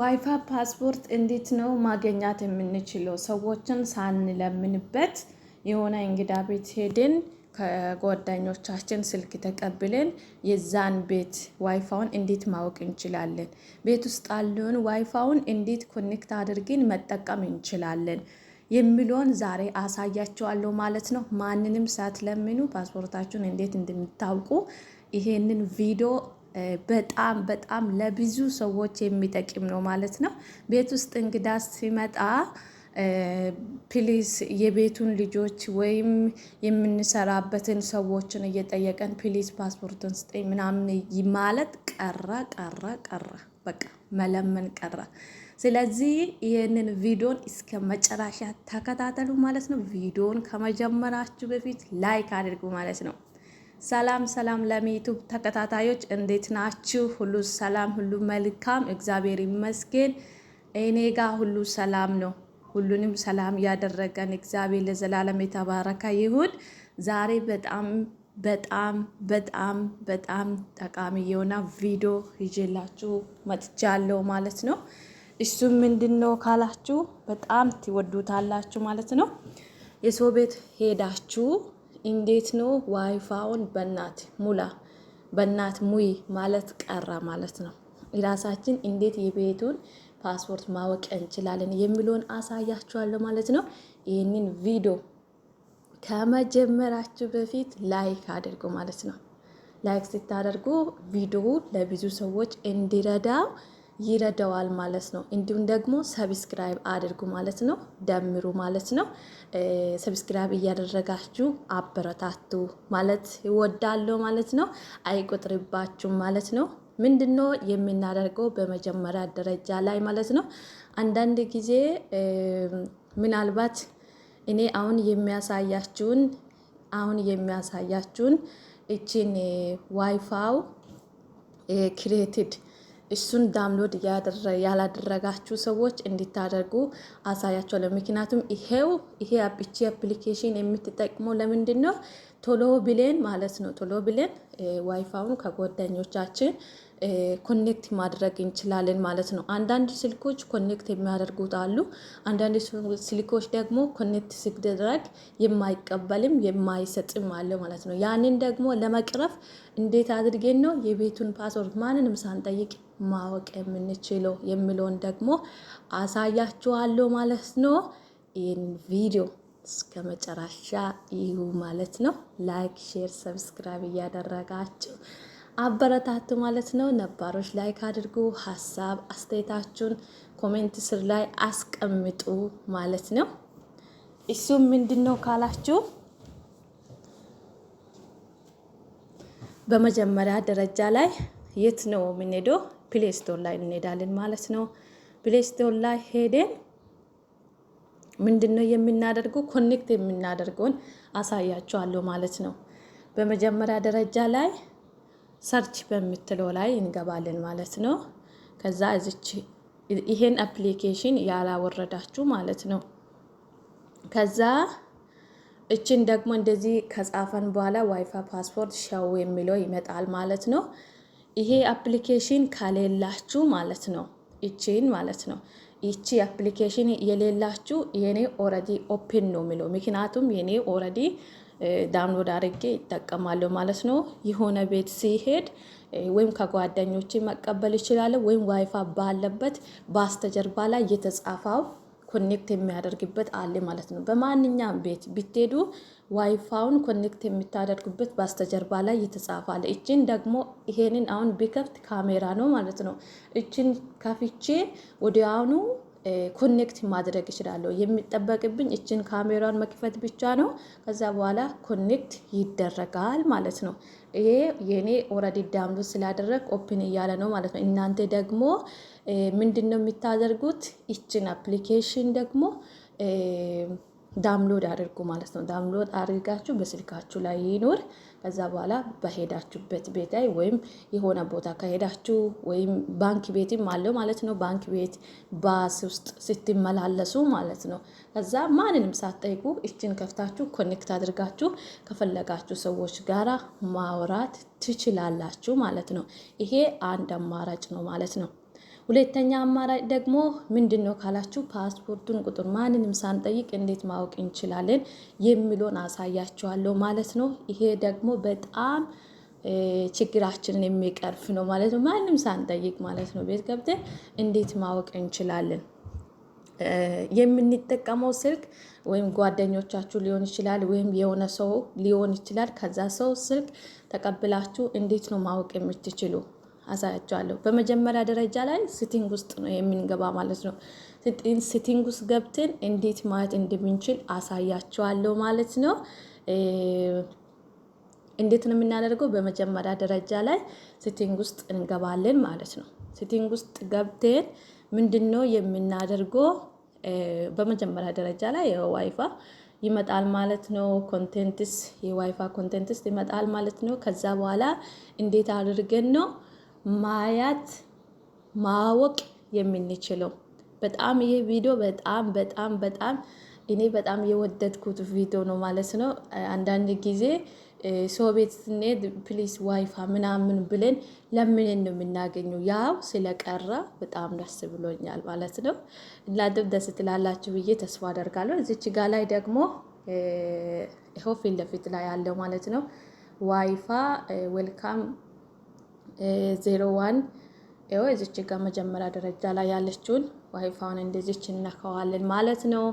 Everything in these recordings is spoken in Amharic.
ዋይፋ ፓስፖርት እንዴት ነው ማገኛት የምንችለው? ሰዎችን ሳንለምንበት የሆነ እንግዳ ቤት ሄድን ከጓደኞቻችን ስልክ ተቀብለን የዛን ቤት ዋይፋውን እንዴት ማወቅ እንችላለን? ቤት ውስጥ ያለውን ዋይፋውን እንዴት ኮኔክት አድርገን መጠቀም እንችላለን የሚለውን ዛሬ አሳያቸዋለሁ ማለት ነው። ማንንም ሳትለምኑ ፓስፖርታችሁን እንዴት እንደምታውቁ ይሄንን ቪዲዮ በጣም በጣም ለብዙ ሰዎች የሚጠቅም ነው ማለት ነው። ቤት ውስጥ እንግዳ ሲመጣ ፕሊስ የቤቱን ልጆች ወይም የምንሰራበትን ሰዎችን እየጠየቀን ፕሊስ ፓስፖርትን ስጠኝ ምናምን ማለት ቀረ ቀረ ቀረ፣ በቃ መለመን ቀረ። ስለዚህ ይህንን ቪዲዮን እስከ መጨረሻ ተከታተሉ ማለት ነው። ቪዲዮን ከመጀመራችሁ በፊት ላይክ አድርጉ ማለት ነው። ሰላም ሰላም ለሚዩቱብ ተከታታዮች እንዴት ናችሁ? ሁሉ ሰላም፣ ሁሉ መልካም፣ እግዚአብሔር ይመስገን። እኔ ጋር ሁሉ ሰላም ነው። ሁሉንም ሰላም ያደረገን እግዚአብሔር ለዘላለም የተባረከ ይሁን። ዛሬ በጣም በጣም በጣም በጣም ጠቃሚ የሆነ ቪዲዮ ይዤላችሁ መጥቻለሁ ማለት ነው። እሱም ምንድን ነው ካላችሁ በጣም ትወዱታላችሁ ማለት ነው። የሰው ቤት ሄዳችሁ እንዴት ነው ዋይፋውን በናት ሙላ በናት ሙይ ማለት ቀራ ማለት ነው። ራሳችን እንዴት የቤቱን ፓስፖርት ማወቅ እንችላለን የሚለውን አሳያችኋለሁ ማለት ነው። ይህንን ቪዲዮ ከመጀመራችሁ በፊት ላይክ አድርጉ ማለት ነው። ላይክ ስታደርጉ ቪዲዮ ለብዙ ሰዎች እንዲረዳው ይረዳዋል ማለት ነው። እንዲሁም ደግሞ ሰብስክራይብ አድርጉ ማለት ነው፣ ደምሩ ማለት ነው። ሰብስክራይብ እያደረጋችሁ አበረታቱ ማለት ይወዳለሁ ማለት ነው። አይቆጥርባችሁም ማለት ነው። ምንድን ነው የምናደርገው በመጀመሪያ ደረጃ ላይ ማለት ነው። አንዳንድ ጊዜ ምናልባት እኔ አሁን የሚያሳያችሁን አሁን የሚያሳያችሁን እቺን ዋይፋው ክሬትድ እሱን ዳምሎድ ያላደረጋችሁ ሰዎች እንዲታደርጉ አሳያቸዋለሁ። ምክንያቱም ይሄው ይሄ አፕቺ አፕሊኬሽን የምትጠቅመው ለምንድን ነው? ቶሎ ብሌን ማለት ነው። ቶሎ ብሌን ዋይፋውን ከጓደኞቻችን ኮኔክት ማድረግ እንችላለን ማለት ነው። አንዳንድ ስልኮች ኮኔክት የሚያደርጉት አሉ። አንዳንድ ስልኮች ደግሞ ኮኔክት ሲደረግ የማይቀበልም የማይሰጥም አለ ማለት ነው። ያንን ደግሞ ለመቅረፍ እንዴት አድርጌን ነው የቤቱን ፓስወርድ ማንንም ሳንጠይቅ ማወቅ የምንችለው የሚለውን ደግሞ አሳያችኋለሁ ማለት ነው። ይህን ቪዲዮ እስከ መጨረሻ ይሁ ማለት ነው። ላይክ፣ ሼር፣ ሰብስክራይብ እያደረጋችሁ አበረታቱ ማለት ነው። ነባሮች ላይክ አድርጉ፣ ሀሳብ አስተያየታችሁን ኮሜንት ስር ላይ አስቀምጡ ማለት ነው። እሱም ምንድን ነው ካላችሁ በመጀመሪያ ደረጃ ላይ የት ነው የምንሄደው? ፕሌስቶር ላይ እንሄዳለን ማለት ነው። ፕሌስቶር ላይ ሄደን ምንድን ነው የምናደርገው? ኮኔክት የምናደርገውን አሳያችኋለሁ ማለት ነው። በመጀመሪያ ደረጃ ላይ ሰርች በምትለው ላይ እንገባለን ማለት ነው። ከዛ እዚች ይሄን አፕሊኬሽን ያላወረዳችሁ ማለት ነው። ከዛ እችን ደግሞ እንደዚህ ከጻፈን በኋላ ዋይፋይ ፓስፖርት ሸው የሚለው ይመጣል ማለት ነው። ይሄ አፕሊኬሽን ከሌላችሁ ማለት ነው፣ እችን ማለት ነው ይቺ አፕሊኬሽን የሌላችሁ የኔ ኦረዲ ኦፕን ነው የሚለው ምክንያቱም የኔ ኦረዲ ዳውንሎድ አድርጌ ይጠቀማለሁ ማለት ነው። የሆነ ቤት ሲሄድ ወይም ከጓደኞች መቀበል ይችላለ ወይም ዋይፋ ባለበት በስተጀርባ ላይ የተጻፈው ኮኔክት የሚያደርግበት አለ ማለት ነው። በማንኛውም ቤት ብትሄዱ ዋይፋውን ኮኔክት የምታደርጉበት በስተጀርባ ላይ ይተጻፋል። እችን ደግሞ ይሄንን አሁን ቢከፍት ካሜራ ነው ማለት ነው። እችን ከፍቼ ወዲያውኑ ኮኔክት ማድረግ እችላለሁ። የሚጠበቅብኝ እችን ካሜራን መክፈት ብቻ ነው። ከዛ በኋላ ኮኔክት ይደረጋል ማለት ነው። ይሄ የኔ ኦልሬዲ ዳምሎ ስላደረግ ኦፕን እያለ ነው ማለት ነው። እናንተ ደግሞ ምንድን ነው የምታደርጉት? እችን አፕሊኬሽን ደግሞ ዳምሎድ አድርጉ ማለት ነው። ዳምሎድ አድርጋችሁ በስልካችሁ ላይ ይኖር። ከዛ በኋላ በሄዳችሁበት ቤት ላይ ወይም የሆነ ቦታ ከሄዳችሁ ወይም ባንክ ቤትም አለው ማለት ነው። ባንክ ቤት፣ ባስ ውስጥ ስትመላለሱ ማለት ነው። ከዛ ማንንም ሳትጠይቁ እችን ከፍታችሁ ኮኔክት አድርጋችሁ ከፈለጋችሁ ሰዎች ጋራ ማውራት ትችላላችሁ ማለት ነው። ይሄ አንድ አማራጭ ነው ማለት ነው። ሁለተኛ አማራጭ ደግሞ ምንድን ነው ካላችሁ ፓስፖርቱን ቁጥር ማንንም ሳንጠይቅ እንዴት ማወቅ እንችላለን የሚለውን አሳያችኋለሁ ማለት ነው። ይሄ ደግሞ በጣም ችግራችንን የሚቀርፍ ነው ማለት ነው። ማንም ሳንጠይቅ ማለት ነው ቤት ገብተን እንዴት ማወቅ እንችላለን። የምንጠቀመው ስልክ ወይም ጓደኞቻችሁ ሊሆን ይችላል፣ ወይም የሆነ ሰው ሊሆን ይችላል። ከዛ ሰው ስልክ ተቀብላችሁ እንዴት ነው ማወቅ የምትችሉ? አሳያቸዋለሁ። በመጀመሪያ ደረጃ ላይ ሲቲንግ ውስጥ ነው የምንገባ ማለት ነው። ሲቲንግ ውስጥ ገብተን እንዴት ማለት እንደምንችል አሳያቸዋለሁ ማለት ነው። እንዴት ነው የምናደርገው? በመጀመሪያ ደረጃ ላይ ሲቲንግ ውስጥ እንገባለን ማለት ነው። ሲቲንግ ውስጥ ገብተን ምንድን ነው የምናደርገው? በመጀመሪያ ደረጃ ላይ የዋይፋ ይመጣል ማለት ነው። ኮንቴንትስ የዋይፋ ኮንቴንትስ ይመጣል ማለት ነው። ከዛ በኋላ እንዴት አድርገን ነው ማያት ማወቅ የምንችለው በጣም ይሄ ቪዲዮ በጣም በጣም በጣም እኔ በጣም የወደድኩት ቪዲዮ ነው ማለት ነው። አንዳንድ ጊዜ ሰው ቤት ስንሄድ ፕሊስ ዋይፋ ምናምን ብለን ለምንን ነው የምናገኘው። ያው ስለቀራ በጣም ደስ ብሎኛል ማለት ነው። እናንተም ደስ ትላላችሁ ብዬ ተስፋ አደርጋለሁ። እዚች ጋ ላይ ደግሞ ይኸው ፊት ለፊት ላይ ያለው ማለት ነው ዋይፋ ዌልካም ዜሮ ዋን ው እዚች ጋር መጀመሪያ ደረጃ ላይ ያለችውን ዋይፋውን እንደዚች እነካዋለን ማለት ነው።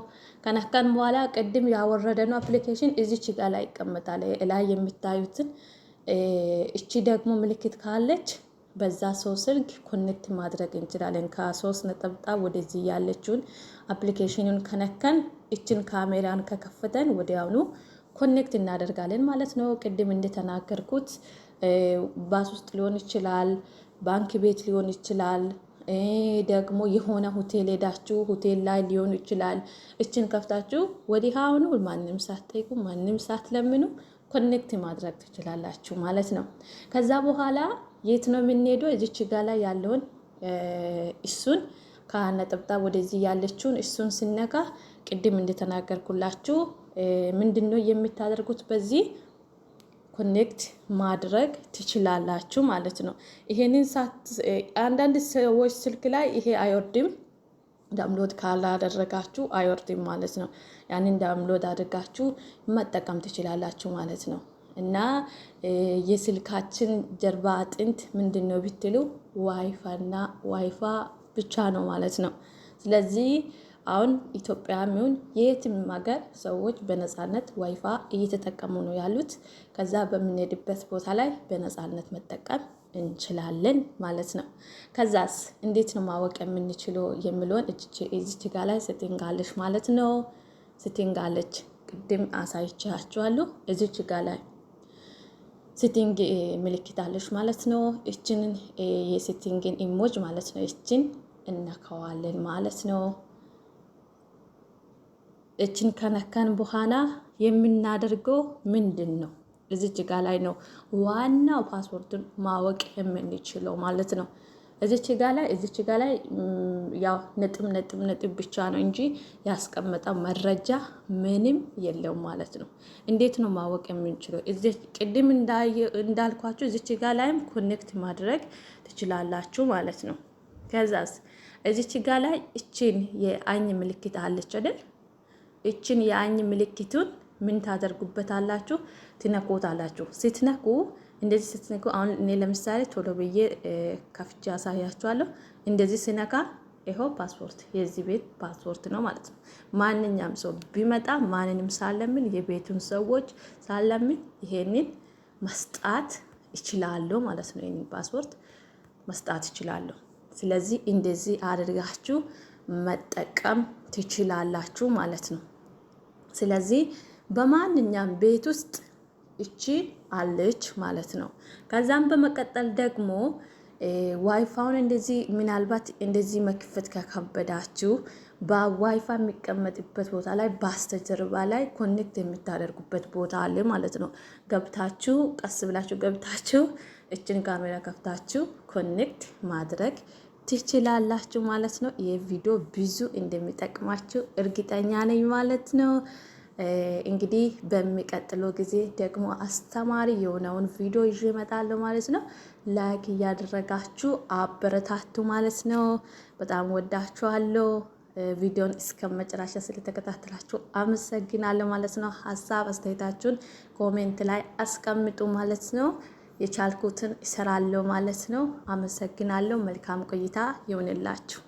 ከነካን በኋላ ቅድም ያወረደነው አፕሊኬሽን እዚች ጋር ላይ ይቀመጣል። ላይ የምታዩትን እቺ ደግሞ ምልክት ካለች በዛ ሰው ስልክ ኮኔክት ማድረግ እንችላለን። ከሶስት ነጠብጣብ ወደዚህ ያለችውን አፕሊኬሽኑን ከነከን እችን ካሜራን ከከፍተን ወዲያውኑ ኮኔክት እናደርጋለን ማለት ነው። ቅድም እንደተናገርኩት ባስ ውስጥ ሊሆን ይችላል፣ ባንክ ቤት ሊሆን ይችላል፣ ደግሞ የሆነ ሆቴል ሄዳችሁ ሆቴል ላይ ሊሆን ይችላል። እችን ከፍታችሁ ወዲህ አሁኑ ማንም ሳትጠይቁ ማንም ሳትለምኑ ኮኔክት ማድረግ ትችላላችሁ ማለት ነው። ከዛ በኋላ የት ነው የምንሄደው? እዚች ጋ ላይ ያለውን እሱን ከነጠብጣብ ወደዚህ ያለችውን እሱን ስነካ ቅድም እንደተናገርኩላችሁ ምንድን ነው የምታደርጉት በዚህ ኮኔክት ማድረግ ትችላላችሁ ማለት ነው። ይሄንን አንዳንድ ሰዎች ስልክ ላይ ይሄ አይወርድም ዳምሎድ ካላደረጋችሁ አይወርድም ማለት ነው። ያንን ዳምሎድ አድርጋችሁ መጠቀም ትችላላችሁ ማለት ነው። እና የስልካችን ጀርባ አጥንት ምንድን ነው ብትሉ ዋይፋና ዋይፋ ብቻ ነው ማለት ነው። ስለዚህ አሁን ኢትዮጵያም ይሁን የየትም ሀገር ሰዎች በነፃነት ዋይፋ እየተጠቀሙ ነው ያሉት። ከዛ በምንሄድበት ቦታ ላይ በነፃነት መጠቀም እንችላለን ማለት ነው። ከዛስ እንዴት ነው ማወቅ የምንችለው የሚለውን እዚች ጋ ላይ ስቲንጋለች ማለት ነው። ስቲንጋለች ቅድም አሳይቻችኋለሁ። እዚች ጋ ላይ ሲቲንግ ምልክታለች ማለት ነው። እችንን የሲቲንግን ኢሞጅ ማለት ነው። እችን እናከዋለን ማለት ነው። እችን ከነካን በኋላ የምናደርገው ምንድን ነው? እዚች ጋ ላይ ነው ዋናው ፓስወርድን ማወቅ የምንችለው ማለት ነው። እዚች ጋ ላይ እዚች ጋ ላይ ያው ነጥብ ነጥብ ነጥብ ብቻ ነው እንጂ ያስቀመጠ መረጃ ምንም የለውም ማለት ነው። እንዴት ነው ማወቅ የምንችለው? ቅድም እንዳልኳችሁ እዚች ጋ ላይም ኮኔክት ማድረግ ትችላላችሁ ማለት ነው። ከዛስ እዚች ጋ ላይ እችን የአኝ ምልክት አለች አይደል? እችን የአኝ ምልክቱን ምን ታደርጉበታላችሁ? ትነኩታላችሁ። ስትነኩ እንደዚህ ስትነኩ፣ አሁን እኔ ለምሳሌ ቶሎ ብዬ ከፍቼ አሳያችኋለሁ። እንደዚህ ስነካ ይኸው ፓስፖርት የዚህ ቤት ፓስፖርት ነው ማለት ነው። ማንኛውም ሰው ቢመጣ ማንንም ሳለምን የቤቱን ሰዎች ሳለምን ይሄንን መስጣት ይችላለሁ ማለት ነው። ይህንን ፓስፖርት መስጣት ይችላለሁ። ስለዚህ እንደዚህ አድርጋችሁ መጠቀም ትችላላችሁ ማለት ነው። ስለዚህ በማንኛውም ቤት ውስጥ እቺ አለች ማለት ነው። ከዛም በመቀጠል ደግሞ ዋይፋውን እንደዚህ ምናልባት እንደዚህ መክፈት ከከበዳችሁ በዋይፋ የሚቀመጥበት ቦታ ላይ በስተጀርባ ላይ ኮኔክት የምታደርጉበት ቦታ አለ ማለት ነው። ገብታችሁ ቀስ ብላችሁ ገብታችሁ እችን ካሜራ ከፍታችሁ ኮኔክት ማድረግ ትችላላችሁ ማለት ነው። ይህ ቪዲዮ ብዙ እንደሚጠቅማችሁ እርግጠኛ ነኝ ማለት ነው። እንግዲህ በሚቀጥለው ጊዜ ደግሞ አስተማሪ የሆነውን ቪዲዮ ይዤ እመጣለሁ ማለት ነው። ላይክ እያደረጋችሁ አበረታቱ ማለት ነው። በጣም ወዳችኋለሁ። ቪዲዮን እስከ መጨረሻ ስለተከታተላችሁ አመሰግናለሁ ማለት ነው። ሀሳብ አስተያየታችሁን ኮሜንት ላይ አስቀምጡ ማለት ነው። የቻልኩትን እሰራለሁ ማለት ነው። አመሰግናለሁ። መልካም ቆይታ ይሁንላችሁ።